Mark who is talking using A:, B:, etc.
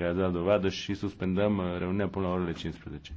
A: care a dat dovadă și suspendăm uh, reuniunea până la orele 15.